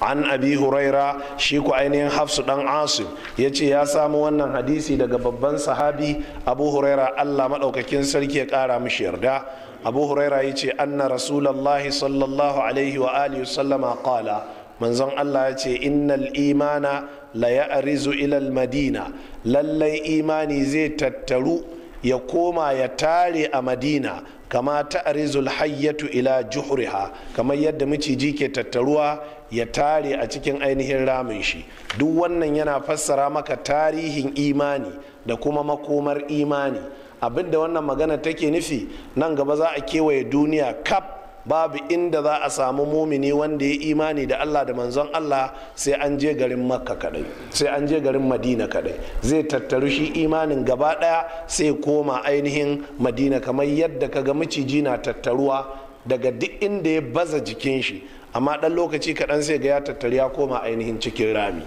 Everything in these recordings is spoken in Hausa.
an abi huraira shi ku ainihin hafsu dan asim ya ce ya samu wannan hadisi daga babban sahabi abu huraira allah maɗaukakin sarki ya ƙara mishi yarda abu huraira ya ce anna rasulallahi sallallahu alaihi wa alihi sallama qala manzon allah ya ce innal imana la arizu ilal madina lallai imani zai tattaru ya koma ya tare a madina kama ta arizul hayyatu ila juhriha kamar yadda maciji ke tattaruwa ya tare a cikin ainihin ramin shi duk wannan yana fassara maka tarihin imani da kuma makomar imani abinda wannan magana take nufi nan gaba za a kewaye duniya kaf. babu inda za a samu mumini wanda ya imani da Allah da manzon Allah sai an je garin makka kadai sai an je garin madina kadai zai tattaru shi imanin gaba daya sai koma ainihin madina kamar yadda ka ga maciji na tattaruwa daga duk inda ya baza jikin shi amma dan lokaci kaɗan sai ga ya tattari ya koma ainihin cikin rami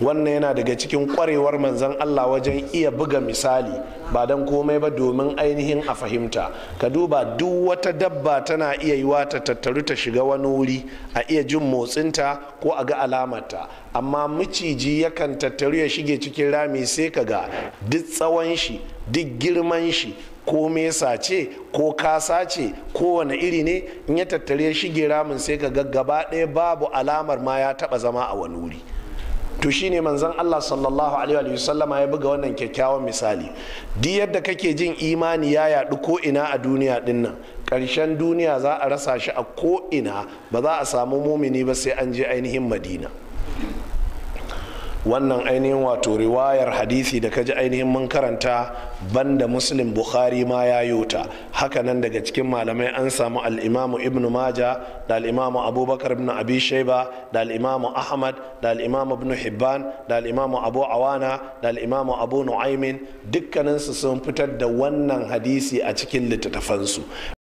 wannan yana daga cikin kwarewar manzan Allah wajen iya buga misali ba don komai ba domin ainihin a fahimta ka duba duk wata dabba tana iya yiwa ta tattaru ta shiga wani wuri a iya jin motsinta ko a ga alamarta amma miciji yakan tattaru ya shige cikin rami sai ka ga duk tsawon shi duk girman shi ko mesa ce ko kasa ce wani iri ne in ya tattare shige ramin sai ka gaba ɗaya babu alamar ma ya taɓa zama a wani wuri to shine manzon Allah sallallahu alaihi sallama ya buga wannan kyakkyawan misali duk yadda kake jin imani ya yadu ko ina a duniya dinnan Karshen duniya za a rasa shi a ko ina ba za a samu mumini ba sai an je ainihin madina wannan ainihin wato riwayar hadisi da kaji ainihin mun karanta banda muslim bukhari ma ya yota haka nan daga cikin malamai an samu al'imamu ibnu maja da al'imamu abubakar ibn abi shaiba da al'imamu ahmad da al'imamu ibn hibban da al'imamu abu awana da al'imamu abu nu'aimin dukkaninsu sun fitar da wannan hadisi a cikin littattafansu